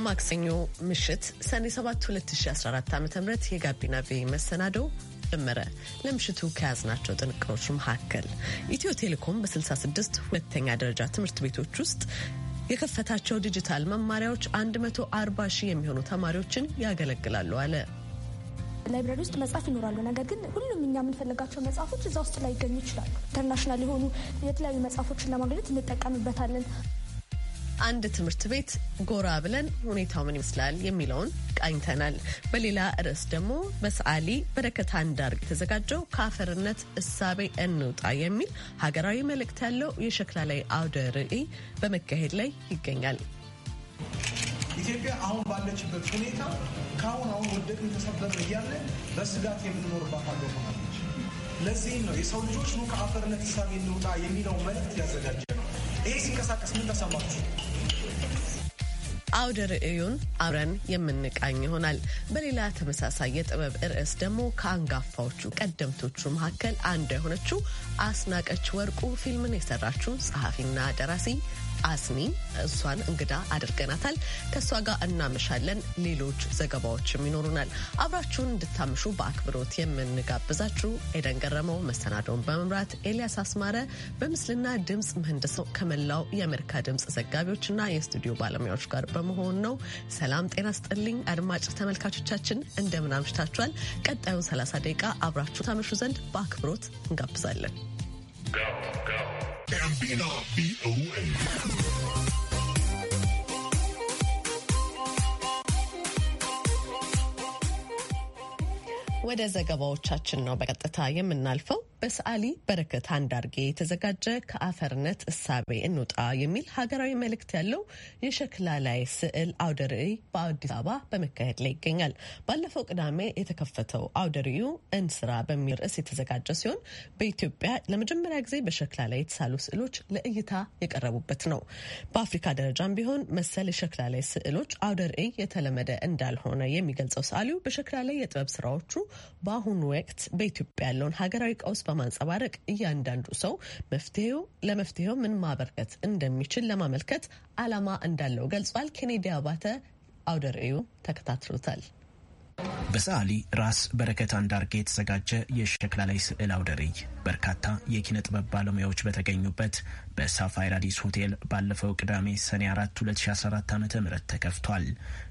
የማክሰኞ ምሽት ሰኔ 7 2014 ዓ ም የጋቢና ቤ መሰናደው ጀመረ። ለምሽቱ ከያዝናቸው ጥንቅሮች መካከል ኢትዮ ቴሌኮም በ66 ሁለተኛ ደረጃ ትምህርት ቤቶች ውስጥ የከፈታቸው ዲጂታል መማሪያዎች 140 ሺህ የሚሆኑ ተማሪዎችን ያገለግላሉ አለ። ላይብራሪ ውስጥ መጽሐፍ ይኖራሉ። ነገር ግን ሁሉም እኛ የምንፈልጋቸው መጽሐፎች እዛ ውስጥ ላይ ይገኙ ይችላሉ። ኢንተርናሽናል የሆኑ የተለያዩ መጽሐፎችን ለማግኘት እንጠቀምበታለን። አንድ ትምህርት ቤት ጎራ ብለን ሁኔታው ምን ይመስላል የሚለውን ቃኝተናል። በሌላ ርዕስ ደግሞ በሰዓሊ በረከት አንዳርግ የተዘጋጀው ከአፈርነት እሳቤ እንውጣ የሚል ሀገራዊ መልእክት ያለው የሸክላ ላይ አውደ ርዕይ በመካሄድ ላይ ይገኛል። ኢትዮጵያ አሁን ባለችበት ሁኔታ ከአሁን አሁን ወደቅ የተሰበር እያለ በስጋት የምንኖርባት ሀገር ሆናለች። ለዚህም ነው የሰው ልጆች ከአፈርነት እሳቤ እንውጣ የሚለው መልእክት ያዘጋጀ ነው። ይሄ ሲንቀሳቀስ ምን ተሰማችሁ? አውደ ርዕዩን አብረን የምንቃኝ ይሆናል። በሌላ ተመሳሳይ የጥበብ ርዕስ ደግሞ ከአንጋፋዎቹ ቀደምቶቹ መካከል አንዷ የሆነችው አስናቀች ወርቁ ፊልምን የሰራችው ጸሐፊና ደራሲ አስኒ እሷን እንግዳ አድርገናታል። ከእሷ ጋር እናመሻለን። ሌሎች ዘገባዎችም ይኖሩናል። አብራችሁን እንድታምሹ በአክብሮት የምንጋብዛችሁ ኤደን ገረመው፣ መሰናዶውን በመምራት ኤልያስ አስማረ፣ በምስልና ድምፅ ምህንድሰው ከመላው የአሜሪካ ድምፅ ዘጋቢዎችና የስቱዲዮ ባለሙያዎች ጋር በመሆን ነው። ሰላም ጤና ስጥልኝ አድማጭ ተመልካቾቻችን እንደምን አምሽታችኋል። ቀጣዩን 30 ደቂቃ አብራችሁ ታመሹ ዘንድ በአክብሮት እንጋብዛለን። ጋቢና ወደ ዘገባዎቻችን ነው በቀጥታ የምናልፈው። በሰዓሊ በረከት አንዳርጌ የተዘጋጀ ከአፈርነት እሳቤ እንውጣ የሚል ሀገራዊ መልእክት ያለው የሸክላ ላይ ስዕል አውደ ርዕይ በአዲስ አበባ በመካሄድ ላይ ይገኛል። ባለፈው ቅዳሜ የተከፈተው አውደ ርዕዩ እንስራ በሚል ርዕስ የተዘጋጀ ሲሆን በኢትዮጵያ ለመጀመሪያ ጊዜ በሸክላ ላይ የተሳሉ ስዕሎች ለእይታ የቀረቡበት ነው። በአፍሪካ ደረጃም ቢሆን መሰል የሸክላ ላይ ስዕሎች አውደ ርዕይ የተለመደ እንዳልሆነ የሚገልጸው ሰዓሊው በሸክላ ላይ የጥበብ ስራዎቹ በአሁኑ ወቅት በኢትዮጵያ ያለውን ሀገራዊ ቀውስ በማንጸባረቅ እያንዳንዱ ሰው መፍትሄው ለመፍትሄው ምን ማበርከት እንደሚችል ለማመልከት አላማ እንዳለው ገልጿል። ኬኔዲ አባተ አውደ ተከታትሎታል። በሰዓሊ ራስ በረከት አንዳርጌ የተዘጋጀ የሸክላ ላይ ስዕል አውደ ርዕይ በርካታ የኪነ ጥበብ ባለሙያዎች በተገኙበት በሳፋይር አዲስ ሆቴል ባለፈው ቅዳሜ ሰኔ 4 2014 ዓ ም ተከፍቷል።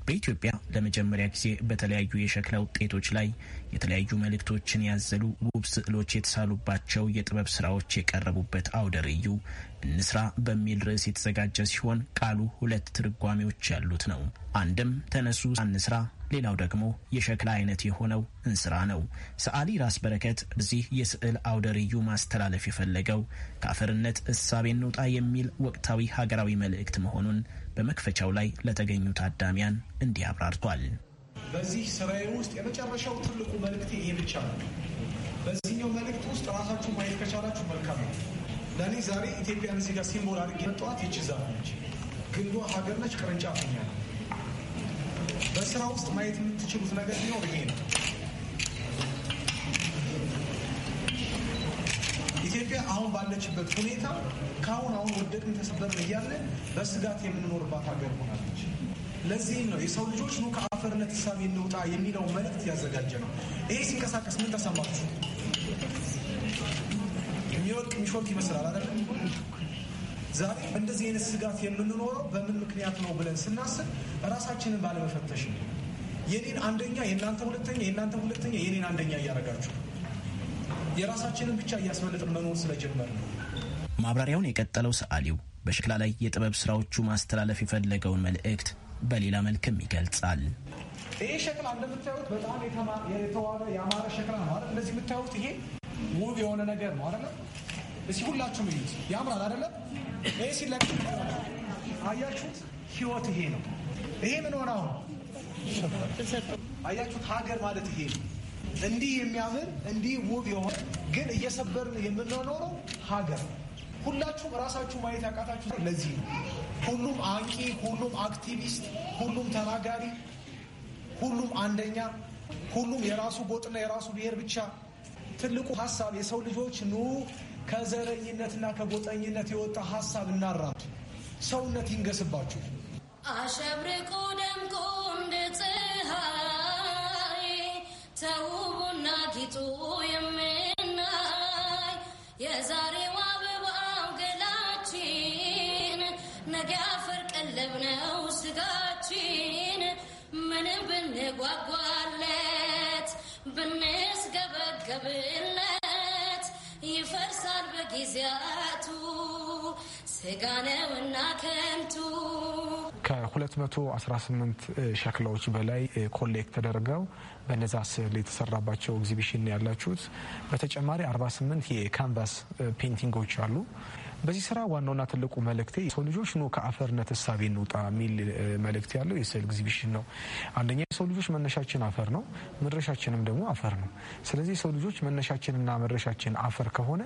በኢትዮጵያ ለመጀመሪያ ጊዜ በተለያዩ የሸክላ ውጤቶች ላይ የተለያዩ መልእክቶችን ያዘሉ ውብ ስዕሎች የተሳሉባቸው የጥበብ ስራዎች የቀረቡበት አውደ ርዕዩ እንስራ በሚል ርዕስ የተዘጋጀ ሲሆን ቃሉ ሁለት ትርጓሜዎች ያሉት ነው። አንድም ተነሱ አንስራ፣ ሌላው ደግሞ የሸክላ አይነት የሆነው እንስራ ነው። ሰዓሊ ራስ በረከት በዚህ የስዕል አውደ ርዕዩ ማስተላለፍ የፈለገው ከአፈርነት እሳቤ እንውጣ የሚል ወቅታዊ ሀገራዊ መልእክት መሆኑን በመክፈቻው ላይ ለተገኙ ታዳሚያን እንዲህ አብራርቷል። በዚህ ስራዬ ውስጥ የመጨረሻው ትልቁ መልእክት ይሄ ብቻ ነው። በዚህኛው መልእክት ውስጥ ራሳችሁ ማየት ከቻላችሁ መልካም ነው። ለእኔ ዛሬ ኢትዮጵያን እዚህ ጋር ሲምቦል አድርጌ መጠዋት ነች፣ ግንዷ ሀገር ነች፣ ቅርንጫፍኛ ነው በስራ ውስጥ ማየት የምትችሉት ነገር ቢኖር ይሄ ነው። ኢትዮጵያ አሁን ባለችበት ሁኔታ ከአሁን አሁን ወደቅን ተሰበርን እያለ በስጋት የምንኖርባት ሀገር ሆናለች። ለዚህም ነው የሰው ልጆች ኑ ከአፈርነት ሳቢ እንውጣ የሚለው መልእክት ያዘጋጀ ነው። ይሄ ሲንቀሳቀስ ምን ተሰማችሁ? የሚወድቅ የሚሾልክ ይመስላል አይደለም? ዛሬ እንደዚህ አይነት ስጋት የምንኖረው በምን ምክንያት ነው ብለን ስናስብ ራሳችንን ባለመፈተሽ ነው። የኔን አንደኛ የእናንተ ሁለተኛ፣ የእናንተ ሁለተኛ የኔን አንደኛ እያደረጋችሁ የራሳችንን ብቻ እያስመለጥን መኖር ስለጀመር ነው። ማብራሪያውን የቀጠለው ሰዓሊው በሸክላ ላይ የጥበብ ስራዎቹ ማስተላለፍ የፈለገውን መልእክት በሌላ መልክም ይገልጻል። ይህ ሸክላ እንደምታዩት በጣም የተዋበ ያማረ ሸክላ ነው። እንደዚህ የምታዩት ይሄ ውብ የሆነ ነገር ነው አይደለም እስኪ ሁላችሁም እዩት። ያምራል አይደለም? ይህ ሲለቅ አያችሁት? ህይወት ይሄ ነው። ይሄ ምን ሆነ አሁን አያችሁት? ሀገር ማለት ይሄ ነው። እንዲህ የሚያምር እንዲህ ውብ የሆነ ግን እየሰበርን የምንኖረው ሀገር ሁላችሁም ራሳችሁ ማየት ያቃታችሁ ለዚህ ነው። ሁሉም አንቂ፣ ሁሉም አክቲቪስት፣ ሁሉም ተናጋሪ፣ ሁሉም አንደኛ፣ ሁሉም የራሱ ጎጥና የራሱ ብሔር ብቻ። ትልቁ ሀሳብ የሰው ልጆች ኑ ከዘረኝነትና ከጎጠኝነት የወጣ ሀሳብ እናራቱ። ሰውነት ይንገስባችሁ። አሸብርቆ ደምቆ እንደ ፀሐይ ተውቡና ጊጡ የምናይ የዛሬው አበባው ገላችን ነገ አፈር ቀለብ ነው ስጋችን። ምንም ብንጓጓለት ብንስገበገብላ ጊዜያቱ ስጋ ነውና ከንቱ ከ218 ሸክላዎች በላይ ኮሌክት eh, ተደርገው በነዛ ስዕል የተሰራባቸው ኤግዚቢሽን ያላችሁት። በተጨማሪ 48 የካንቫስ ፔንቲንጎች eh, አሉ። በዚህ ስራ ዋናውና ትልቁ መልእክቴ የሰው ልጆች ኑ ከአፈርነት እሳቤ እንውጣ የሚል መልእክት ያለው የስዕል ኤግዚቢሽን ነው። አንደኛ የሰው ልጆች መነሻችን አፈር ነው፣ መድረሻችንም ደግሞ አፈር ነው። ስለዚህ የሰው ልጆች መነሻችንና መድረሻችን አፈር ከሆነ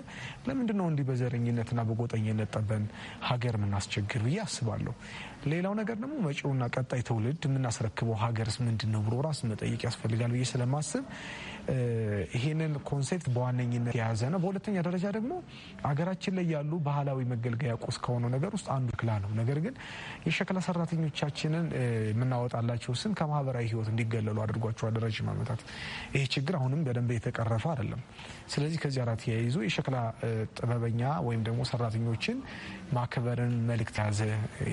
ለምንድን ነው እንዲህ በዘረኝነትና በጎጠኝነት ጠበን ሀገር ምናስቸግር ብዬ አስባለሁ። ሌላው ነገር ደግሞ መጪውና ቀጣይ ትውልድ የምናስረክበው ሀገርስ ምንድን ነው ብሎ ራስ መጠየቅ ያስፈልጋል ብዬ ስለማስብ ይሄንን ኮንሴፕት በዋነኝነት የያዘ ነው። በሁለተኛ ደረጃ ደግሞ አገራችን ላይ ያሉ ባህላዊ መገልገያ ቁስ ከሆነው ነገር ውስጥ አንዱ ሸክላ ነው። ነገር ግን የሸክላ ሰራተኞቻችንን የምናወጣላቸው ስም ከማህበራዊ ህይወት እንዲገለሉ አድርጓቸዋል ረዥም ዓመታት። ይህ ችግር አሁንም በደንብ የተቀረፈ አይደለም። ስለዚህ ከዚህ ጋር ተያይዞ የሸክላ ጥበበኛ ወይም ደግሞ ሰራተኞችን ማክበርን መልእክት የያዘ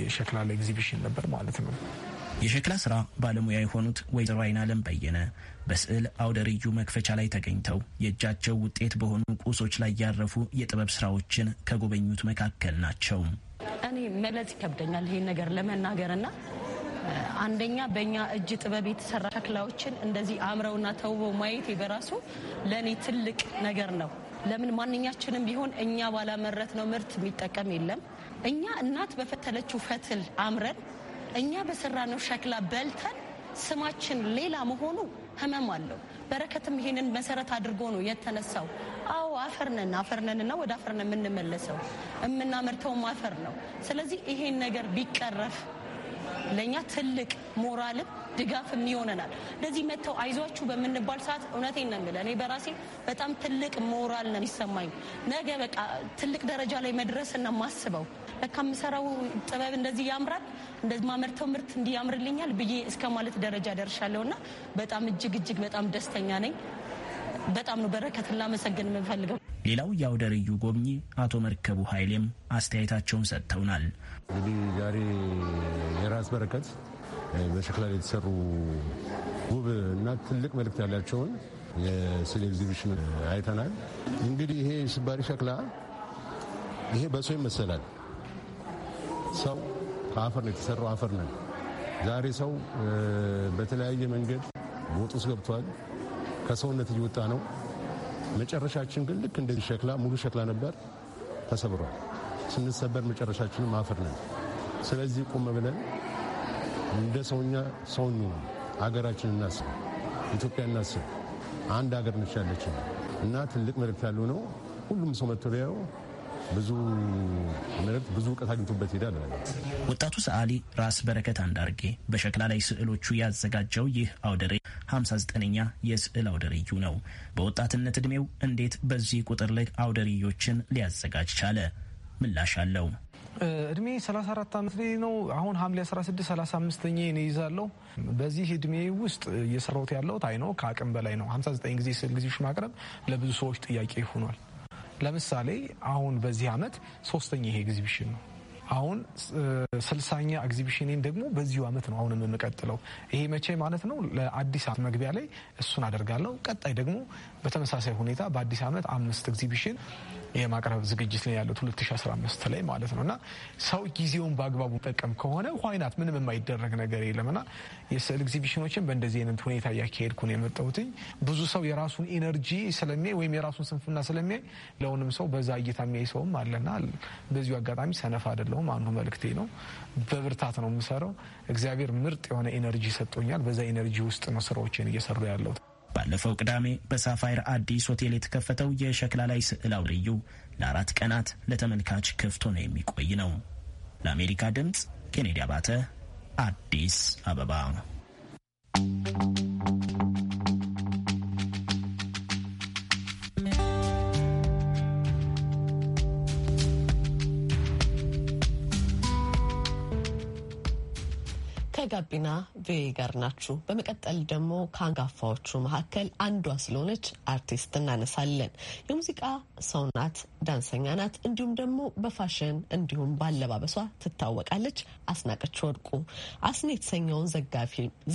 የሸክላ ኤግዚቢሽን ነበር ማለት ነው። የሸክላ ስራ ባለሙያ የሆኑት ወይዘሮ አለም በየነ በስዕል አውደ ርዕዩ መክፈቻ ላይ ተገኝተው የእጃቸው ውጤት በሆኑ ቁሶች ላይ ያረፉ የጥበብ ስራዎችን ከጎበኙት መካከል ናቸው። እኔ መለጽ ይከብደኛል ይህን ነገር ለመናገር እና አንደኛ በእኛ እጅ ጥበብ የተሰራ ሸክላዎችን እንደዚህ አምረውና ተውበው ማየቴ በራሱ ለእኔ ትልቅ ነገር ነው። ለምን ማንኛችንም ቢሆን እኛ ባላመረት ነው ምርት የሚጠቀም የለም እኛ እናት በፈተለችው ፈትል አምረን እኛ በሰራነው ሸክላ በልተን ስማችን ሌላ መሆኑ ህመም አለው። በረከትም ይሄንን መሰረት አድርጎ ነው የተነሳው። አዎ አፈርነን አፈርነንና ወደ አፈርነን የምንመለሰው የምናመርተውም አፈር ነው። ስለዚህ ይሄን ነገር ቢቀረፍ ለእኛ ትልቅ ሞራልም ድጋፍም ይሆነናል። እንደዚህ መጥተው አይዟችሁ በምንባል ሰዓት እውነቴን ነው እኔ በራሴ በጣም ትልቅ ሞራል ነው የሚሰማኝ። ነገ በቃ ትልቅ ደረጃ ላይ መድረስ መድረስና ማስበው ለካ የምሰራው ጥበብ እንደዚህ ያምራል፣ እንደዚህ ማመርተው ምርት እንዲህ ያምርልኛል ብዬ እስከ ማለት ደረጃ ደርሻለሁ እና በጣም እጅግ እጅግ በጣም ደስተኛ ነኝ። በጣም ነው በረከት ላመሰግን የምንፈልገው። ሌላው የአውደ ርዕዩ ጎብኚ አቶ መርከቡ ኃይሌም አስተያየታቸውን ሰጥተውናል። እንግዲህ ዛሬ የራስ በረከት በሸክላ ላይ የተሰሩ ውብ እና ትልቅ መልእክት ያላቸውን የስዕል ኤግዚቢሽን አይተናል። እንግዲህ ይሄ ስባሪ ሸክላ ይሄ በሰው ይመሰላል። ሰው ከአፈር ነው የተሰራው፣ አፈር ነን። ዛሬ ሰው በተለያየ መንገድ ወጥ ውስጥ ገብቷል፣ ከሰውነት እየወጣ ነው። መጨረሻችን ግን ልክ እንደዚህ ሸክላ ሙሉ ሸክላ ነበር፣ ተሰብሯል። ስንሰበር መጨረሻችንም አፈር ነን። ስለዚህ ቁም ብለን እንደ ሰውኛ ሰው እንሆን፣ ሀገራችን እናስብ፣ ኢትዮጵያ እናስብ። አንድ ሀገር ነች ያለችን እና ትልቅ መልእክት ያለው ነው። ሁሉም ሰው መጥቶ ቢያየው ብዙ መልእክት ብዙ እውቀት አግኝቶበት ይሄዳል። ወጣቱ ሰዓሊ ራስ በረከት አንዳርጌ በሸክላ ላይ ስዕሎቹ ያዘጋጀው ይህ አውደሬ 59ኛ የስዕል አውደርዩ ነው። በወጣትነት እድሜው እንዴት በዚህ ቁጥር ልክ አውደርዮችን ሊያዘጋጅ ቻለ? ምላሽ አለው። እድሜ 34 ዓመት ላይ ነው። አሁን ሐምሌ 16 35ኛ ነው ይዛለሁ። በዚህ እድሜ ውስጥ እየሰራሁት ያለሁት አይኖ ነው ከአቅም በላይ ነው። 59 ጊዜ ስል ጊዜዎች ማቅረብ ለብዙ ሰዎች ጥያቄ ሆኗል። ለምሳሌ አሁን በዚህ ዓመት ሶስተኛ ይሄ ኤግዚቢሽን ነው። አሁን ስልሳኛ ኤግዚቢሽኔን ደግሞ በዚሁ ዓመት ነው አሁን የምንቀጥለው። ይሄ መቼ ማለት ነው? ለአዲስ ዓመት መግቢያ ላይ እሱን አደርጋለሁ። ቀጣይ ደግሞ በተመሳሳይ ሁኔታ በአዲስ ዓመት አምስት ኤግዚቢሽን የማቅረብ ዝግጅት ላይ ያሉት 2015 ላይ ማለት ነው እና ሰው ጊዜውን በአግባቡ ጠቀም ከሆነ ዋይናት ምንም የማይደረግ ነገር የለምና የስዕል ኤግዚቢሽኖችን በእንደዚህ አይነት ሁኔታ እያካሄድኩ ነው የመጣሁትኝ። ብዙ ሰው የራሱን ኢነርጂ ስለሚያይ ወይም የራሱን ስንፍና ስለሚያይ ለሁንም ሰው በዛ እይታ የሚያይ ሰውም አለና በዚሁ አጋጣሚ ሰነፍ አይደለሁም። አንዱ መልክቴ ነው። በብርታት ነው የምሰራው። እግዚአብሔር ምርጥ የሆነ ኢነርጂ ሰጥቶኛል። በዛ ኢነርጂ ውስጥ ነው ስራዎችን እየሰሩ ያለሁት። ባለፈው ቅዳሜ በሳፋይር አዲስ ሆቴል የተከፈተው የሸክላ ላይ ስዕል አውድዩ ለአራት ቀናት ለተመልካች ክፍት ሆኖ የሚቆይ ነው። ለአሜሪካ ድምፅ ኬኔዲ አባተ አዲስ አበባ። ከጋቢና ቬ ጋር ናችሁ። በመቀጠል ደግሞ ከአንጋፋዎቹ መካከል አንዷ ስለሆነች አርቲስት እናነሳለን። የሙዚቃ ሰው ናት፣ ዳንሰኛ ናት፣ እንዲሁም ደግሞ በፋሽን እንዲሁም ባለባበሷ ትታወቃለች። አስናቀች ወርቁ አስኔ የተሰኘውን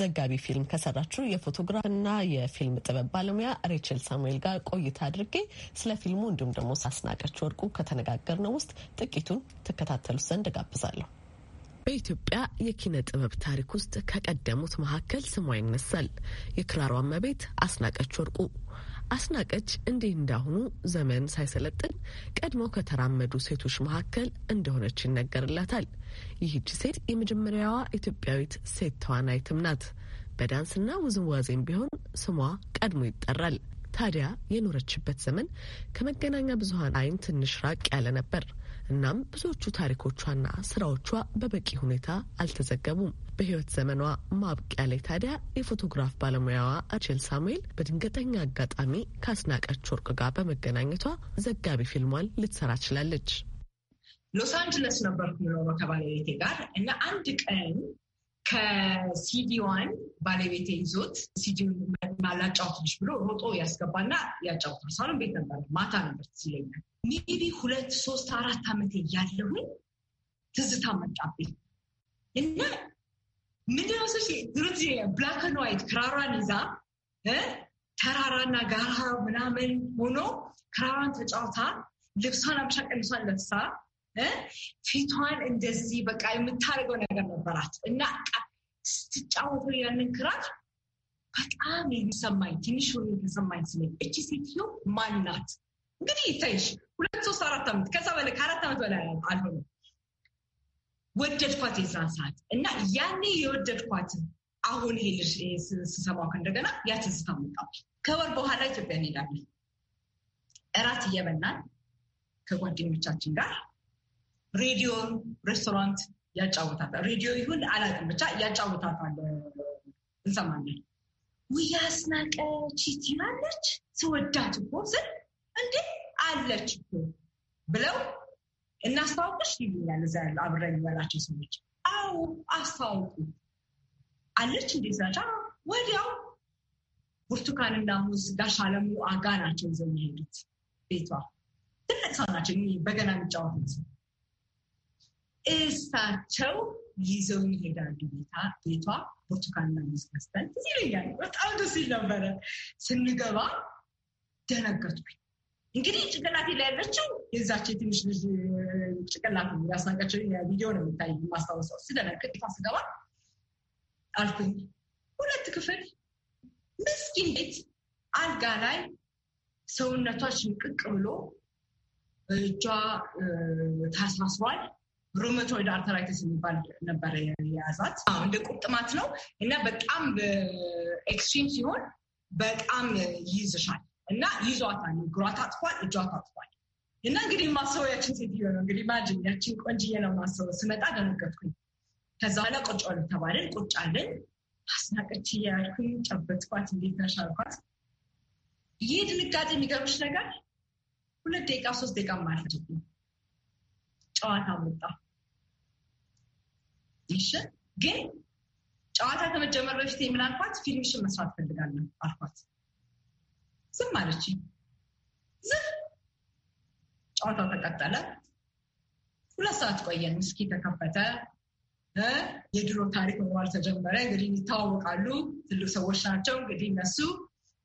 ዘጋቢ ፊልም ከሰራችው የፎቶግራፍና የፊልም ጥበብ ባለሙያ ሬቸል ሳሙኤል ጋር ቆይታ አድርጌ ስለ ፊልሙ እንዲሁም ደግሞ አስናቀች ወርቁ ከተነጋገርነው ውስጥ ጥቂቱን ትከታተሉት ዘንድ ጋብዛለሁ። በኢትዮጵያ የኪነ ጥበብ ታሪክ ውስጥ ከቀደሙት መካከል ስሟ ይነሳል። የክራሯ እመቤት አስናቀች ወርቁ። አስናቀች እንዲህ እንዳሁኑ ዘመን ሳይሰለጥን ቀድሞ ከተራመዱ ሴቶች መካከል እንደሆነች ይነገርላታል። ይህች ሴት የመጀመሪያዋ ኢትዮጵያዊት ሴት ተዋናይትም ናት። በዳንስና ውዝዋዜም ቢሆን ስሟ ቀድሞ ይጠራል። ታዲያ የኖረችበት ዘመን ከመገናኛ ብዙኃን አይን ትንሽ ራቅ ያለ ነበር። እናም ብዙዎቹ ታሪኮቿና ስራዎቿ በበቂ ሁኔታ አልተዘገቡም። በህይወት ዘመኗ ማብቂያ ላይ ታዲያ የፎቶግራፍ ባለሙያዋ አቼል ሳሙኤል በድንገተኛ አጋጣሚ ከአስናቀች ወርቅ ጋር በመገናኘቷ ዘጋቢ ፊልሟን ልትሰራ ችላለች። ሎስ አንጅለስ ነበርኩ የምኖረው ከባለቤቴ ጋር እና አንድ ቀን ከሲዲዋን ባለቤቴ ይዞት ሲዲዋን ላጫውትልሽ ብሎ ሮጦ ያስገባና ያጫውታል። ሳሎን ቤት ነበር፣ ማታ ነበር ትለኛል ሜቢ ሁለት ሶስት አራት ዓመት እያለሁኝ ትዝታ መጣብኝ እና ምንድነው ሰ ድሮት ብላክ ኤንድ ዋይት ክራሯን ይዛ ተራራና ጋራ ምናምን ሆኖ ክራሯን ተጫውታ ልብሷን አብሻ ቀሚሷን ለብሳ ፊቷን እንደዚህ በቃ የምታደርገው ነገር ነበራት እና ስትጫወቱ ያንን ክራር በጣም የሚሰማኝ ትንሽ ሆኖ የተሰማኝ ስለ እቺ ሴትዮ ማን ናት እንግዲህ ይታይሽ ሁለት ሶስት አራት ዓመት ከዛ በላይ ከአራት ዓመት በላይ አልሆነ ወደድኳት የዛን ሰዓት እና ያኔ የወደድኳት አሁን ይሄ ልጅ ስሰማው እንደገና ያ ትዝታ መጣ። ከወር በኋላ ኢትዮጵያ እንሄዳለን። እራት እየበላን ከጓደኞቻችን ጋር ሬዲዮ ሬስቶራንት ያጫውታታል። ሬዲዮ ይሁን አላውቅም፣ ብቻ ያጫውታታል። እንሰማለን ውያስናቀ ቺት ይላለች ስወዳት እኮ ስል አለች ብለው እናስተዋውቅሽ ይሉኛል። እዛ አብረን ያላቸው ሰዎች አዎ አስታውቁ አለች እንዴ እንዴዛ ወዲያው ብርቱካንና ሙዝ ጋሽ አለሙ አጋ ናቸው ይዘው የሄዱት ቤቷ ትልቅ ሰው ናቸው። በገና የሚጫወቱት እሳቸው ይዘው ይሄዳሉ ቤታ ቤቷ ብርቱካንና ሙዝ ገዝተን እዚህ ላይ በጣም ደስ ይል ነበረ። ስንገባ ደነገጥኩኝ። እንግዲህ ጭቅላት ላይ ያለችው የዛች የትንሽ ልጅ ጭቅላት ያስናቀችው ቪዲዮ ነው የሚታይ የማስታወሰው። ስለነቅጥ ስገባ አልኩኝ። ሁለት ክፍል ምስኪን ቤት አልጋ ላይ ሰውነቷ ሽንቅቅ ብሎ እጇ ታሳስሯል። ሩመቶይድ አርተራይተስ የሚባል ነበረ የያዛት እንደ ቁርጥማት ነው እና በጣም ኤክስትሪም ሲሆን በጣም ይይዝሻል እና ይዟታል። እግሯ ታጥፏል፣ እጇ ታጥፏል። እና እንግዲህ ማሰበው ያችን ሴትዮ ነው እንግዲህ ማጅን ያችን ቆንጅዬ ነው ማሰበው። ስመጣ ደነገጥኩኝ። ከዛ በኋላ ቁጭ በሉ ተባልን። ቁጭ አልን። አስናቀች እያልኩኝ ጨበጥኳት። እንዴት ነሽ አልኳት። ይህ ድንጋጤ የሚገርምሽ ነገር ሁለት ደቂቃ ሶስት ደቂቃ ማልፈጅብኝ ጨዋታ መጣ። እሺ ግን ጨዋታ ከመጀመር በፊት የምን አልኳት ፊልምሽን መስራት ፈልጋለሁ አልኳት። ዝም አለች። ዝም ጨዋታው ተቀጠለ። ሁለት ሰዓት ቆየን። ውስኪ ተከፈተ። የድሮ ታሪክ መዋል ተጀመረ። እንግዲህ ይታወቃሉ፣ ትልቅ ሰዎች ናቸው። እንግዲህ እነሱ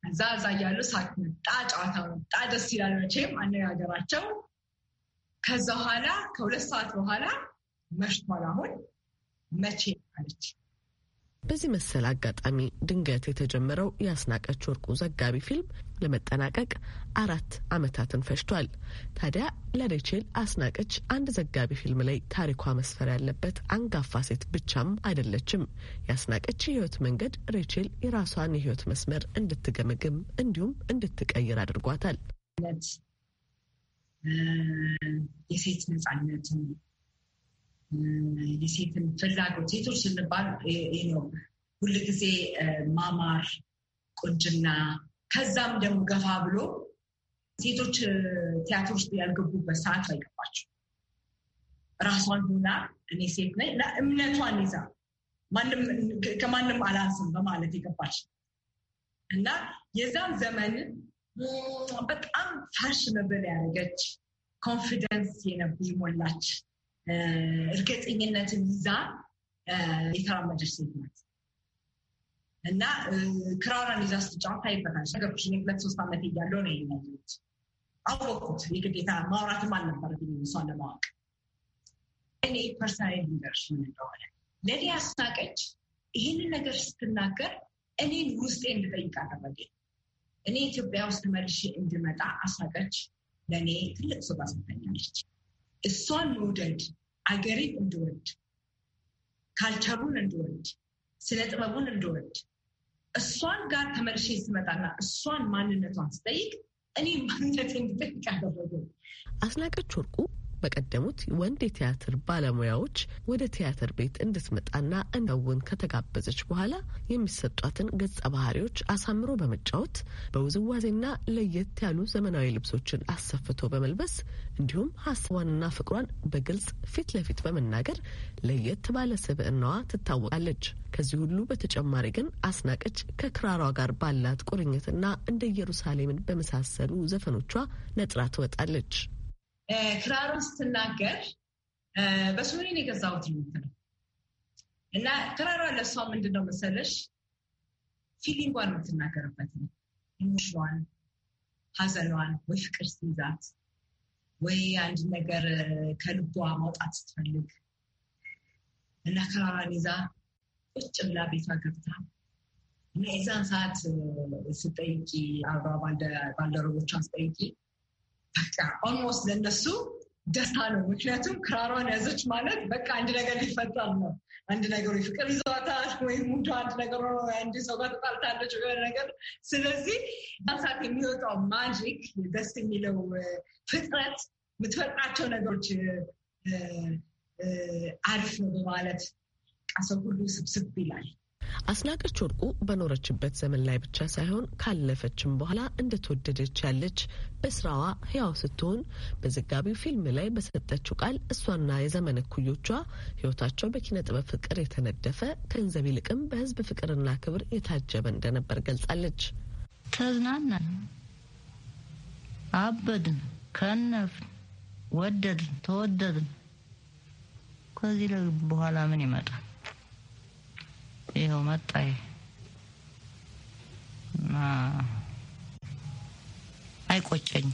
እዛ እዛ እያሉ ሳቅ መጣ፣ ጨዋታ መጣ። ደስ ይላል መቼም አነጋገራቸው። ከዛ በኋላ ከሁለት ሰዓት በኋላ መሽቷል። አሁን መቼ አለች በዚህ መሰል አጋጣሚ ድንገት የተጀመረው የአስናቀች ወርቁ ዘጋቢ ፊልም ለመጠናቀቅ አራት ዓመታትን ፈጅቷል። ታዲያ ለሬቼል አስናቀች አንድ ዘጋቢ ፊልም ላይ ታሪኳ መስፈር ያለበት አንጋፋ ሴት ብቻም አይደለችም። የአስናቀች የህይወት መንገድ ሬቼል የራሷን የህይወት መስመር እንድትገመግም እንዲሁም እንድትቀይር አድርጓታል። የሴት ነጻነትን የሴትን ፍላጎት ሴቶች ስንባል ነው ሁል ጊዜ ማማር፣ ቁንጅና ከዛም ደግሞ ገፋ ብሎ ሴቶች ቲያትር ውስጥ ያልገቡበት ሰዓት አይገባቸው ራሷን ሆና እኔ ሴት ነኝ እምነቷን ይዛ ከማንም አላንስም በማለት የገባች እና የዛን ዘመን በጣም ፋሽነብል ያደረገች ኮንፊደንስ ይሞላች እርግጠኝነት ይዛ የተራመደች ሴት ናት እና ክራሯን ይዛ ስትጫወት ታይበታለች። ነገሮች ሁለት ሶስት ዓመት እያለሁ ነው የሚያገኙት አወቅኩት። የግዴታ ማውራትም አልነበረብኝም እሷን ለማወቅ። እኔ ፐርሰናል ሊደርሽ ምን እንደሆነ ለእኔ አስናቀች። ይህንን ነገር ስትናገር እኔን ውስጤ እንድጠይቅ አደረገ። እኔ ኢትዮጵያ ውስጥ መልሼ እንድመጣ አስናቀች ለእኔ ትልቅ ሰው ጋር እሷን መውደድ አገሬን እንድወድ፣ ካልቸሩን እንድወድ፣ ስነ ጥበቡን እንድወድ እሷን ጋር ተመልሼ ስመጣና እሷን ማንነቷን ስጠይቅ እኔ ማንነት እንድጠይቅ አደረገ። አስናቀች ወርቁ በቀደሙት ወንድ የቲያትር ባለሙያዎች ወደ ቲያትር ቤት እንድትመጣና እንደውን ከተጋበዘች በኋላ የሚሰጧትን ገጸ ባህሪዎች አሳምሮ በመጫወት በውዝዋዜና ለየት ያሉ ዘመናዊ ልብሶችን አሰፍቶ በመልበስ እንዲሁም ሀሳቧንና ፍቅሯን በግልጽ ፊት ለፊት በመናገር ለየት ባለ ስብዕናዋ ትታወቃለች። ከዚህ ሁሉ በተጨማሪ ግን አስናቀች ከክራሯ ጋር ባላት ቁርኝትና እንደ ኢየሩሳሌምን በመሳሰሉ ዘፈኖቿ ነጥራ ትወጣለች። ክራሩን ስትናገር በሱኒን የገዛሁት ነው እና ክራሯ ለእሷ ምንድነው መሰለሽ ፊሊንጓን የምትናገርበት ነው። ኢሞሽኗን፣ ሀዘኗን ወይ ፍቅር ስትይዛት ወይ አንድ ነገር ከልቧ ማውጣት ስትፈልግ እና ክራሯን ይዛ ቁጭ ብላ ቤቷ ገብታ እና የዛን ሰዓት ስጠይቂ አብራ ባልደረቦቿን ስጠይቂ በቃ ኦልሞስት ለእነሱ ደስታ ነው። ምክንያቱም ክራሯን ያዘች ማለት በቃ አንድ ነገር ሊፈጠር ነው። አንድ ነገሩ ፍቅር ይዟታል ወይም ሙዶ አንድ ነገር ሆኖ አንድ ሰው ጋር ተጣልታለች የሆነ ነገር። ስለዚህ ሳት የሚወጣው ማጂክ ደስ የሚለው ፍጥረት የምትፈጥራቸው ነገሮች አሪፍ ነው በማለት ሰው ሁሉ ስብስብ ይላል። አስናቀች ወርቁ በኖረችበት ዘመን ላይ ብቻ ሳይሆን ካለፈችም በኋላ እንደተወደደች ያለች በስራዋ ህያው ስትሆን በዘጋቢው ፊልም ላይ በሰጠችው ቃል እሷና የዘመን እኩዮቿ ህይወታቸው በኪነ ጥበብ ፍቅር የተነደፈ ከገንዘብ ይልቅም በህዝብ ፍቅርና ክብር የታጀበ እንደነበር ገልጻለች። ተዝናናን፣ አበድን፣ ከነፍን፣ ወደድን፣ ተወደድን። ከዚህ በኋላ ምን ይመጣል? ይኸው መጣ እና አይቆጨኝ።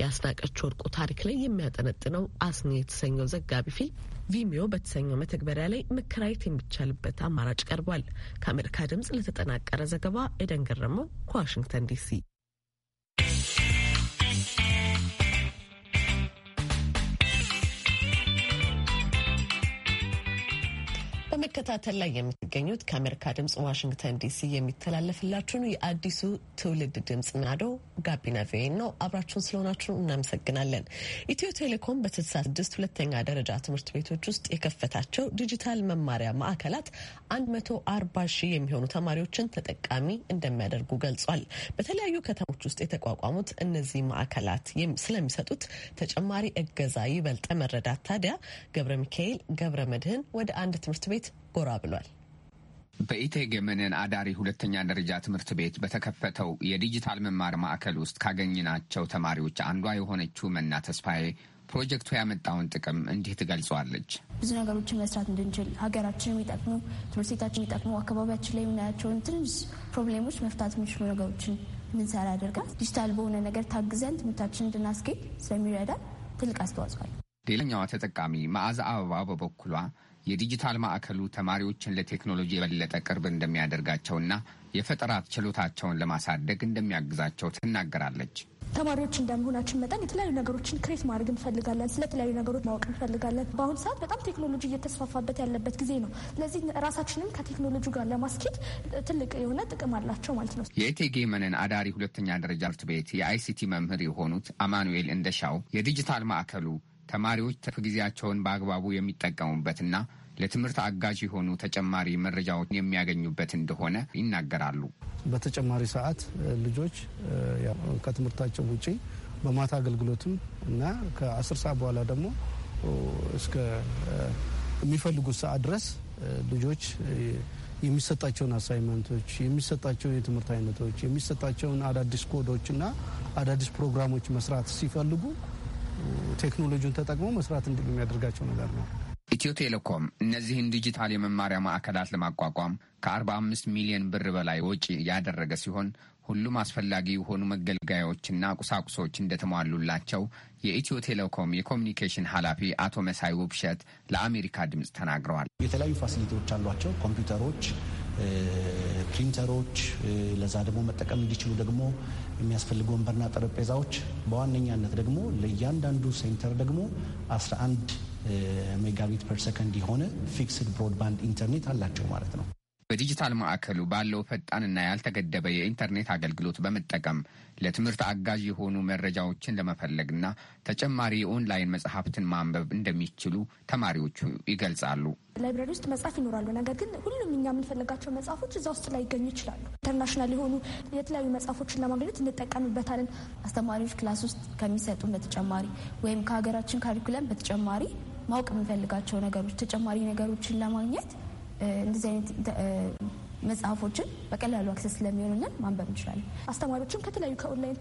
የአስናቀች ወርቁ ታሪክ ላይ የሚያጠነጥነው አስኒ የተሰኘው ዘጋቢ ፊልም ቪሚዮ በተሰኘው መተግበሪያ ላይ መከራየት የሚቻልበት አማራጭ ቀርቧል። ከአሜሪካ ድምጽ ለተጠናቀረ ዘገባ ኤደን ገረመው ከዋሽንግተን ዲሲ በመከታተል ላይ የምትገኙት ከአሜሪካ ድምጽ ዋሽንግተን ዲሲ የሚተላለፍላችሁን የአዲሱ ትውልድ ድምጽ ናዶ ጋቢና ቪኦኤ ነው። አብራችሁን ስለሆናችሁ እናመሰግናለን። ኢትዮ ቴሌኮም በ ስድስት ሁለተኛ ደረጃ ትምህርት ቤቶች ውስጥ የከፈታቸው ዲጂታል መማሪያ ማዕከላት 140 መቶ ሺህ የሚሆኑ ተማሪዎችን ተጠቃሚ እንደሚያደርጉ ገልጿል። በተለያዩ ከተሞች ውስጥ የተቋቋሙት እነዚህ ማዕከላት ስለሚሰጡት ተጨማሪ እገዛ ይበልጠ መረዳት ታዲያ ገብረ ሚካኤል ገብረ መድህን ወደ አንድ ትምህርት ቤት ጎራ ብሏል። በኢቴ ገመንን አዳሪ ሁለተኛ ደረጃ ትምህርት ቤት በተከፈተው የዲጂታል መማር ማዕከል ውስጥ ካገኝናቸው ተማሪዎች አንዷ የሆነችው መና ተስፋዬ ፕሮጀክቱ ያመጣውን ጥቅም እንዲህ ትገልጸዋለች ብዙ ነገሮችን መስራት እንድንችል ሀገራችን የሚጠቅሙ ትምህርት ቤታችን የሚጠቅሙ አካባቢያችን ላይ የምናያቸውን ትንሽ ፕሮብሌሞች መፍታት የሚችሉ ነገሮችን እንድንሰራ ያደርጋል። ዲጂታል በሆነ ነገር ታግዘን ትምህርታችን እንድናስገኝ ስለሚረዳ ትልቅ አስተዋጽኦ አለ። ሌላኛዋ ተጠቃሚ መዓዛ አበባ በበኩሏ የዲጂታል ማዕከሉ ተማሪዎችን ለቴክኖሎጂ የበለጠ ቅርብ እንደሚያደርጋቸውና የፈጠራ ችሎታቸውን ለማሳደግ እንደሚያግዛቸው ትናገራለች። ተማሪዎች እንደመሆናችን መጠን የተለያዩ ነገሮችን ክሬት ማድረግ እንፈልጋለን። ስለተለያዩ ነገሮች ማወቅ እንፈልጋለን። በአሁኑ ሰዓት በጣም ቴክኖሎጂ እየተስፋፋበት ያለበት ጊዜ ነው። ስለዚህ ራሳችንም ከቴክኖሎጂ ጋር ለማስኬድ ትልቅ የሆነ ጥቅም አላቸው ማለት ነው። የእቴጌ መነን አዳሪ ሁለተኛ ደረጃ ትምህርት ቤት የአይሲቲ መምህር የሆኑት አማኑኤል እንደሻው የዲጂታል ማዕከሉ ተማሪዎች ትርፍ ጊዜያቸውን በአግባቡ የሚጠቀሙበትና ለትምህርት አጋዥ የሆኑ ተጨማሪ መረጃዎች የሚያገኙበት እንደሆነ ይናገራሉ። በተጨማሪ ሰዓት ልጆች ከትምህርታቸው ውጪ በማታ አገልግሎትም እና ከአስር ሰዓት በኋላ ደግሞ እስከ የሚፈልጉት ሰዓት ድረስ ልጆች የሚሰጣቸውን አሳይመንቶች፣ የሚሰጣቸውን የትምህርት አይነቶች፣ የሚሰጣቸውን አዳዲስ እና አዳዲስ ፕሮግራሞች መስራት ሲፈልጉ ቴክኖሎጂውን ተጠቅሞ መስራት እንዲሉ የሚያደርጋቸው ነገር ነው። ኢትዮ ቴሌኮም እነዚህን ዲጂታል የመማሪያ ማዕከላት ለማቋቋም ከ45 ሚሊዮን ብር በላይ ወጪ ያደረገ ሲሆን ሁሉም አስፈላጊ የሆኑ መገልገያዎችና ቁሳቁሶች እንደተሟሉላቸው የኢትዮ ቴሌኮም የኮሚኒኬሽን ኃላፊ አቶ መሳይ ውብሸት ለአሜሪካ ድምፅ ተናግረዋል። የተለያዩ ፋሲሊቲዎች አሏቸው። ኮምፒውተሮች ፕሪንተሮች፣ ለዛ ደግሞ መጠቀም እንዲችሉ ደግሞ የሚያስፈልጉ ወንበርና ጠረጴዛዎች በዋነኛነት ደግሞ ለእያንዳንዱ ሴንተር ደግሞ 11 ሜጋቢት ፐር ሰከንድ የሆነ ፊክስድ ብሮድባንድ ኢንተርኔት አላቸው ማለት ነው። በዲጂታል ማዕከሉ ባለው ፈጣንና ያልተገደበ የኢንተርኔት አገልግሎት በመጠቀም ለትምህርት አጋዥ የሆኑ መረጃዎችን ለመፈለግና ተጨማሪ የኦንላይን መጽሐፍትን ማንበብ እንደሚችሉ ተማሪዎቹ ይገልጻሉ። ላይብራሪ ውስጥ መጽሐፍ ይኖራሉ። ነገር ግን ሁሉም እኛ የምንፈልጋቸው መጽሐፎች እዛ ውስጥ ላይ ይገኙ ይችላሉ። ኢንተርናሽናል የሆኑ የተለያዩ መጽሐፎችን ለማግኘት እንጠቀምበታለን። አስተማሪዎች ክላስ ውስጥ ከሚሰጡን በተጨማሪ ወይም ከሀገራችን ካሪኩለም በተጨማሪ ማወቅ የምንፈልጋቸው ነገሮች ተጨማሪ ነገሮችን ለማግኘት እንደዚህ አይነት መጽሐፎችን በቀላሉ አክሰስ ስለሚሆኑልን ማንበብ እንችላለን። አስተማሪዎችም ከተለያዩ ከኦንላይን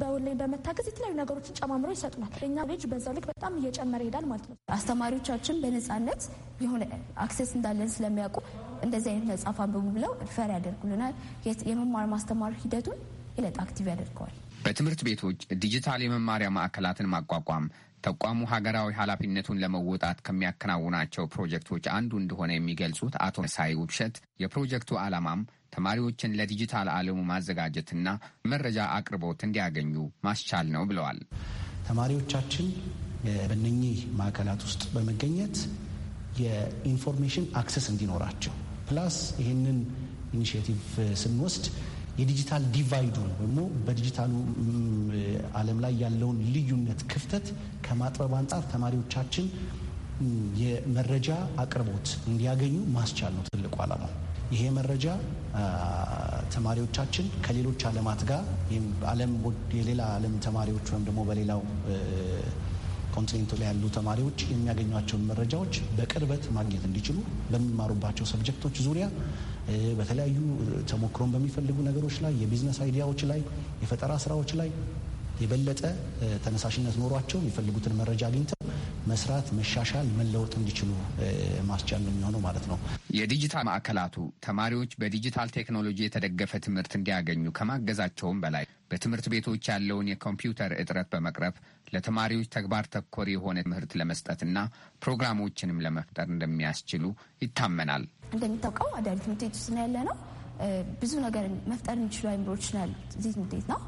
በኦንላይን በመታገዝ የተለያዩ ነገሮችን ጨማምረው ይሰጡናል። እኛ ልጅ በዛው ልክ በጣም እየጨመረ ይሄዳል ማለት ነው። አስተማሪዎቻችን በነፃነት የሆነ አክሰስ እንዳለን ስለሚያውቁ እንደዚህ አይነት መጽሐፍ አንብቡ ብለው ፈር ያደርጉልናል። የመማር ማስተማር ሂደቱን ይለጥ አክቲቭ ያደርገዋል። በትምህርት ቤቶች ዲጂታል የመማሪያ ማዕከላትን ማቋቋም ተቋሙ ሀገራዊ ኃላፊነቱን ለመወጣት ከሚያከናውናቸው ፕሮጀክቶች አንዱ እንደሆነ የሚገልጹት አቶ መሳይ ውብሸት የፕሮጀክቱ ዓላማም ተማሪዎችን ለዲጂታል ዓለሙ ማዘጋጀትና መረጃ አቅርቦት እንዲያገኙ ማስቻል ነው ብለዋል። ተማሪዎቻችን በነኚህ ማዕከላት ውስጥ በመገኘት የኢንፎርሜሽን አክሰስ እንዲኖራቸው ፕላስ ይህንን ኢኒሽቲቭ ስንወስድ የዲጂታል ዲቫይዱን ደግሞ በዲጂታሉ ዓለም ላይ ያለውን ልዩነት ክፍተት ከማጥበብ አንጻር ተማሪዎቻችን የመረጃ አቅርቦት እንዲያገኙ ማስቻል ነው ትልቁ ዓላማ። ይሄ መረጃ ተማሪዎቻችን ከሌሎች ዓለማት ጋር የሌላ ዓለም ተማሪዎች ወይም ደግሞ በሌላው ኮንቲኔንቱ ላይ ያሉ ተማሪዎች የሚያገኟቸውን መረጃዎች በቅርበት ማግኘት እንዲችሉ በሚማሩባቸው ሰብጀክቶች ዙሪያ በተለያዩ ተሞክሮን በሚፈልጉ ነገሮች ላይ የቢዝነስ አይዲያዎች ላይ የፈጠራ ስራዎች ላይ የበለጠ ተነሳሽነት ኖሯቸው የሚፈልጉትን መረጃ አግኝተው መስራት፣ መሻሻል፣ መለወጥ እንዲችሉ ማስቻል ነው የሚሆነው ማለት ነው። የዲጂታል ማዕከላቱ ተማሪዎች በዲጂታል ቴክኖሎጂ የተደገፈ ትምህርት እንዲያገኙ ከማገዛቸውም በላይ በትምህርት ቤቶች ያለውን የኮምፒውተር እጥረት በመቅረፍ ለተማሪዎች ተግባር ተኮር የሆነ ትምህርት ለመስጠትና ፕሮግራሞችንም ለመፍጠር እንደሚያስችሉ ይታመናል። እንደሚታውቀው አዳሪ ትምህርት ቤት ውስጥ ያለ ነው ብዙ ነገር መፍጠር የሚችሉ አይምሮች ናል እዚህ ትምህርት ቤት ነው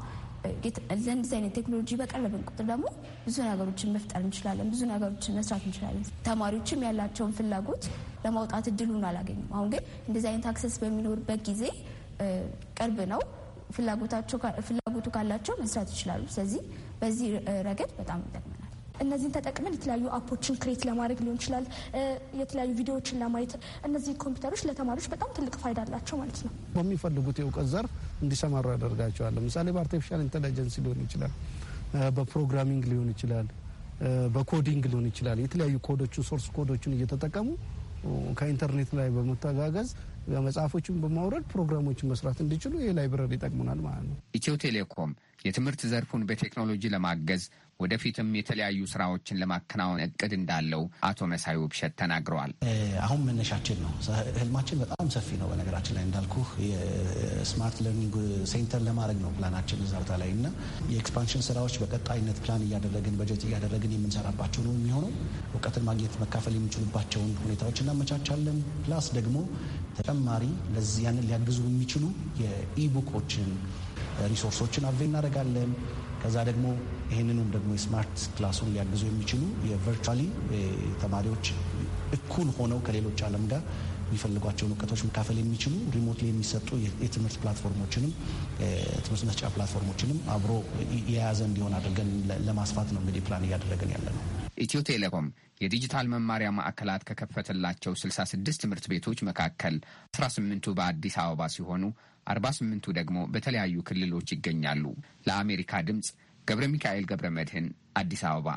እንደዚህ አይነት ቴክኖሎጂ በቀረብን ቁጥር ደግሞ ብዙ ነገሮችን መፍጠር እንችላለን፣ ብዙ ነገሮችን መስራት እንችላለን። ተማሪዎችም ያላቸውን ፍላጎት ለማውጣት እድሉን አላገኙም። አሁን ግን እንደዚህ አይነት አክሰስ በሚኖርበት ጊዜ ቅርብ ነው፣ ፍላጎቱ ካላቸው መስራት ይችላሉ። ስለዚህ በዚህ ረገድ በጣም ይጠቅማል። እነዚህን ተጠቅመን የተለያዩ አፖችን ክሬት ለማድረግ ሊሆን ይችላል፣ የተለያዩ ቪዲዮዎችን ለማየት እነዚህ ኮምፒውተሮች ለተማሪዎች በጣም ትልቅ ፋይዳ አላቸው ማለት ነው። በሚፈልጉት የእውቀት ዘርፍ እንዲሰማሩ ያደርጋቸዋል። ለምሳሌ በአርቲፊሻል ኢንቴለጀንስ ሊሆን ይችላል፣ በፕሮግራሚንግ ሊሆን ይችላል፣ በኮዲንግ ሊሆን ይችላል። የተለያዩ ኮዶችን ሶርስ ኮዶችን እየተጠቀሙ ከኢንተርኔት ላይ በመተጋገዝ መጽሐፎችን በማውረድ ፕሮግራሞችን መስራት እንዲችሉ ይህ ላይብረሪ ይጠቅሙናል ማለት ነው። ኢትዮ ቴሌኮም የትምህርት ዘርፉን በቴክኖሎጂ ለማገዝ ወደፊትም የተለያዩ ስራዎችን ለማከናወን እቅድ እንዳለው አቶ መሳይ ውብሸት ተናግረዋል። አሁን መነሻችን ነው። ህልማችን በጣም ሰፊ ነው። በነገራችን ላይ እንዳልኩ የስማርት ለርኒንግ ሴንተር ለማድረግ ነው ፕላናችን እዛ ቦታ ላይ እና የኤክስፓንሽን ስራዎች በቀጣይነት ፕላን እያደረግን በጀት እያደረግን የምንሰራባቸው ነው የሚሆነው። እውቀትን ማግኘት መካፈል የሚችሉባቸውን ሁኔታዎች እናመቻቻለን። ፕላስ ደግሞ ተጨማሪ ለዚያንን ሊያግዙ የሚችሉ የኢቡኮችን ሪሶርሶችን አቬ እናደርጋለን። ከዛ ደግሞ ይህንኑም ደግሞ የስማርት ክላሱን ሊያግዙ የሚችሉ የቨርቹዋሊ ተማሪዎች እኩል ሆነው ከሌሎች ዓለም ጋር የሚፈልጓቸውን እውቀቶች መካፈል የሚችሉ ሪሞትሊ የሚሰጡ የትምህርት ፕላትፎርሞችንም ትምህርት መስጫ ፕላትፎርሞችንም አብሮ የያዘ እንዲሆን አድርገን ለማስፋት ነው እንግዲህ ፕላን እያደረገን ያለ ነው። ኢትዮ ቴሌኮም የዲጂታል መማሪያ ማዕከላት ከከፈተላቸው 66 ትምህርት ቤቶች መካከል 18ቱ በአዲስ አበባ ሲሆኑ አርባ ስምንቱ ደግሞ በተለያዩ ክልሎች ይገኛሉ። ለአሜሪካ ድምፅ ገብረ ሚካኤል ገብረ መድህን አዲስ አበባ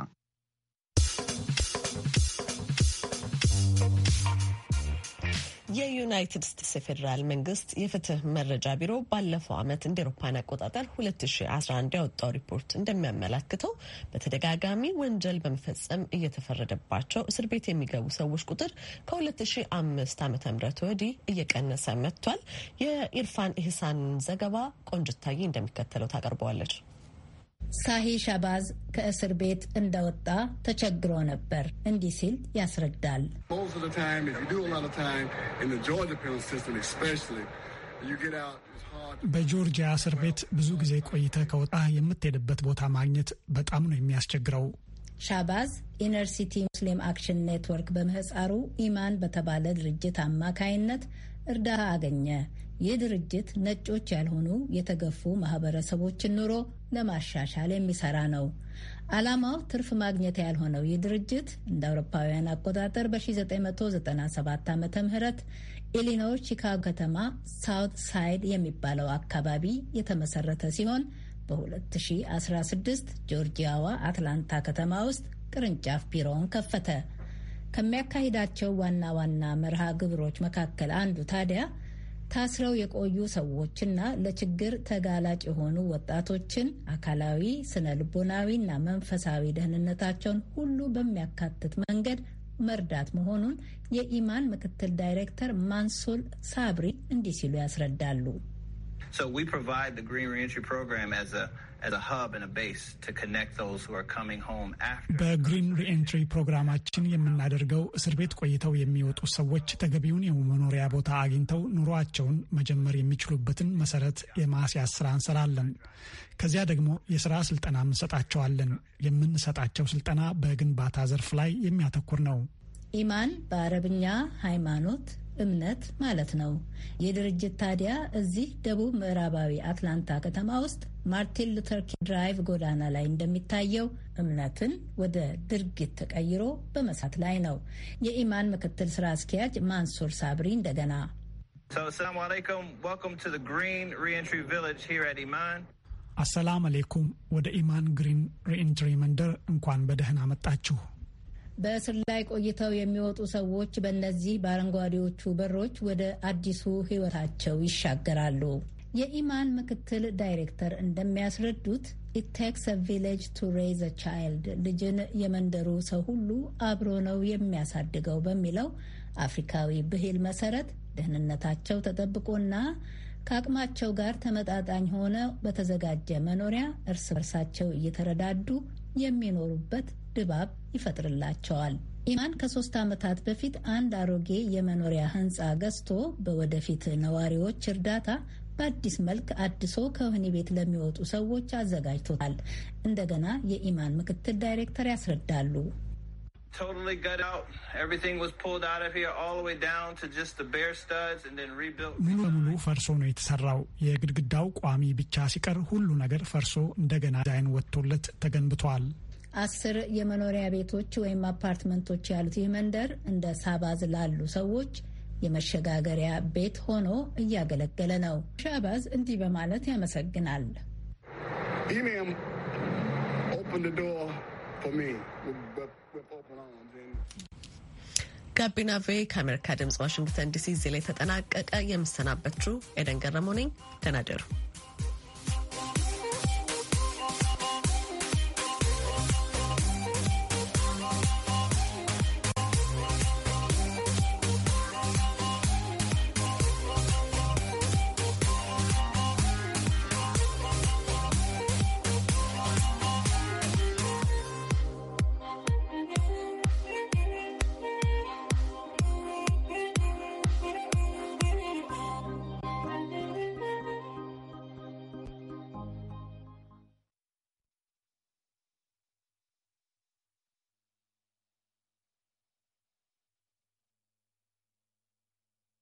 የዩናይትድ ስቴትስ የፌዴራል መንግስት የፍትህ መረጃ ቢሮ ባለፈው ዓመት እንደ ኤሮፓን አቆጣጠር 2011 ያወጣው ሪፖርት እንደሚያመላክተው በተደጋጋሚ ወንጀል በመፈጸም እየተፈረደባቸው እስር ቤት የሚገቡ ሰዎች ቁጥር ከ2005 ዓ ም ወዲህ እየቀነሰ መጥቷል። የኢርፋን ኢህሳን ዘገባ ቆንጅታዬ እንደሚከተለው ታቀርበዋለች። ሳሂ ሻባዝ ከእስር ቤት እንደወጣ ተቸግሮ ነበር። እንዲህ ሲል ያስረዳል። በጆርጂያ እስር ቤት ብዙ ጊዜ ቆይተህ ከወጣ የምትሄድበት ቦታ ማግኘት በጣም ነው የሚያስቸግረው። ሻባዝ ኢነርሲቲ ሙስሊም አክሽን ኔትወርክ በምህፃሩ ኢማን በተባለ ድርጅት አማካይነት እርዳታ አገኘ። ይህ ድርጅት ነጮች ያልሆኑ የተገፉ ማህበረሰቦችን ኑሮ ለማሻሻል የሚሰራ ነው። ዓላማው ትርፍ ማግኘት ያልሆነው ይህ ድርጅት እንደ አውሮፓውያን አቆጣጠር በ1997 ዓ ም ኢሊኖይ ቺካጎ ከተማ ሳውት ሳይድ የሚባለው አካባቢ የተመሰረተ ሲሆን በ2016 ጆርጂያዋ አትላንታ ከተማ ውስጥ ቅርንጫፍ ቢሮውን ከፈተ። ከሚያካሂዳቸው ዋና ዋና መርሃ ግብሮች መካከል አንዱ ታዲያ ታስረው የቆዩ ሰዎችና ለችግር ተጋላጭ የሆኑ ወጣቶችን አካላዊ፣ ስነ ልቦናዊና መንፈሳዊ ደህንነታቸውን ሁሉ በሚያካትት መንገድ መርዳት መሆኑን የኢማን ምክትል ዳይሬክተር ማንሱል ሳብሪ እንዲህ ሲሉ ያስረዳሉ። So we provide the Green Reentry Program as a በግሪን ሪኤንትሪ ፕሮግራማችን የምናደርገው እስር ቤት ቆይተው የሚወጡ ሰዎች ተገቢውን የመኖሪያ ቦታ አግኝተው ኑሯቸውን መጀመር የሚችሉበትን መሰረት የማስያዝ ስራ እንሰራለን። ከዚያ ደግሞ የስራ ስልጠና እንሰጣቸዋለን። የምንሰጣቸው ስልጠና በግንባታ ዘርፍ ላይ የሚያተኩር ነው። ኢማን በአረብኛ ሃይማኖት እምነት ማለት ነው። የድርጅት ታዲያ እዚህ ደቡብ ምዕራባዊ አትላንታ ከተማ ውስጥ ማርቲን ሉተር ኪንግ ድራይቭ ጎዳና ላይ እንደሚታየው እምነትን ወደ ድርጊት ተቀይሮ በመሳት ላይ ነው። የኢማን ምክትል ስራ አስኪያጅ ማንሱር ሳብሪ እንደገና አሰላሙ አለይኩም ወልካም ቱ ግሪን ሪኤንትሪ ቪሌጅ ሂር አት ኢማን አሰላም አሌይኩም ወደ ኢማን ግሪን ሪኤንትሪ መንደር እንኳን በደህና መጣችሁ። በእስር ላይ ቆይተው የሚወጡ ሰዎች በእነዚህ በአረንጓዴዎቹ በሮች ወደ አዲሱ ህይወታቸው ይሻገራሉ። የኢማን ምክትል ዳይሬክተር እንደሚያስረዱት ኢት ቴክስ ቪሌጅ ቱ ሬይዝ አ ቻይልድ ልጅን የመንደሩ ሰው ሁሉ አብሮ ነው የሚያሳድገው በሚለው አፍሪካዊ ብሂል መሰረት ደህንነታቸው ተጠብቆና ከአቅማቸው ጋር ተመጣጣኝ ሆነ በተዘጋጀ መኖሪያ እርስ በርሳቸው እየተረዳዱ የሚኖሩበት ድባብ ይፈጥርላቸዋል። ኢማን ከሶስት ዓመታት በፊት አንድ አሮጌ የመኖሪያ ህንፃ ገዝቶ በወደፊት ነዋሪዎች እርዳታ በአዲስ መልክ አድሶ ከወህኒ ቤት ለሚወጡ ሰዎች አዘጋጅቶታል። እንደገና የኢማን ምክትል ዳይሬክተር ያስረዳሉ። ሙሉ ለሙሉ ፈርሶ ነው የተሰራው። የግድግዳው ቋሚ ብቻ ሲቀር ሁሉ ነገር ፈርሶ እንደገና ዲዛይን ወጥቶለት ተገንብቷል። አስር የመኖሪያ ቤቶች ወይም አፓርትመንቶች ያሉት ይህ መንደር እንደ ሳባዝ ላሉ ሰዎች የመሸጋገሪያ ቤት ሆኖ እያገለገለ ነው። ሻባዝ እንዲህ በማለት ያመሰግናል። ጋቢና ቬ ከአሜሪካ ድምጽ ዋሽንግተን ዲሲ እዚህ ላይ ተጠናቀቀ። የምሰናበችው ኤደን ገረመው ነኝ። ደህና ደሩ።